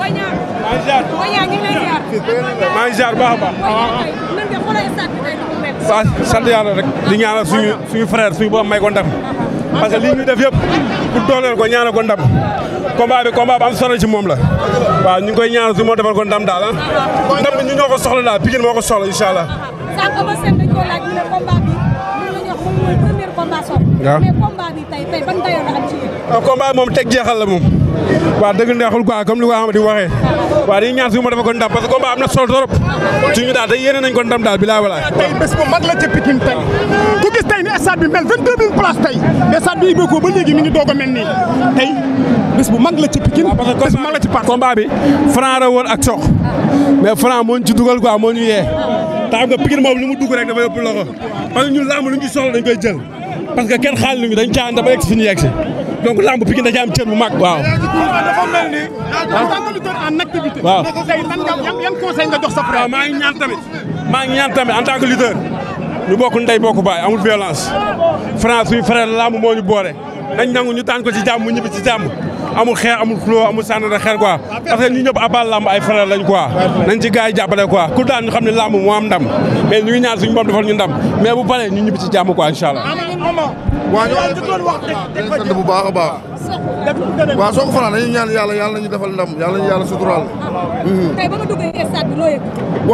Boy Niang. maa ngi ziar Boy Niang ñu rek di ñaanal suñu suñu frère suñu boppam may ko parce que lii ñu def yëpp pour dooleel ko ñaanal ko ndam. combat bi combat bi am moom la. waaw ñu ngi koy ñaanal moo defal ko ndam daal ah. ndam bi ko soxla daal Pikine moo ko soxla incha allah. sànq ah, moom mooy premier combat jeexal la moom waa dëgg neexul quoi comme li ko Amady waxee waaw dañuy ñaan suñu ma dafa ko ndam parce que combat am na solo trop suñu daal te yéene nañ ko ndam daal bilaay walaay. tey bés bu mag la ca Pikine tey ku gis tey ni stade mel 22000 places tey stade bi mi ngi doog a mel bu mag la ca Pikine. parce que bés bu mag la ci part combat bi Franc la woon ak Sokh mais Franc moo ñu ci moo ñu yee. te xam nga Pikine lu mu dugg rek dafa yëpp loxo parce que ñun lamb lu ñu soxla dañ koy jël. parce que kenn xaal ñu dañ caan dafa yegg fi ñu yegg si lamb Pikine da cee am cër bu mag waaw. dafa mel ni. en activité. waaw yan conseil nga jox sa frère. waaw maa ngi ñaan tamit maa ngi ñaan tamit en tant que lutteur ñu bokk ndey bokk baay amul violence France suñu frère lamb moo ñu boole nañ nangu ñu tànn ko ci jàmm mu ñibbi ci jàmm. amul xeer amul xuloo amul sànnada xeer quoi parce que ñu ñëpp abal lamb ay frère lañ quoi nañ ci gars yi jàppale quoi ku daan ñu xam ne lamb moo am ndam mais ñu ngi ñaan suñu bopp defal ñu ndam mais bu paree ñu ñibbi ci jàmm quoi incha allah waaw ñoo jëkkoon wax dañ sant bu baax a baax waaw soo ko fanaan dañuy ñaan yàlla yàlla nañu defal ndam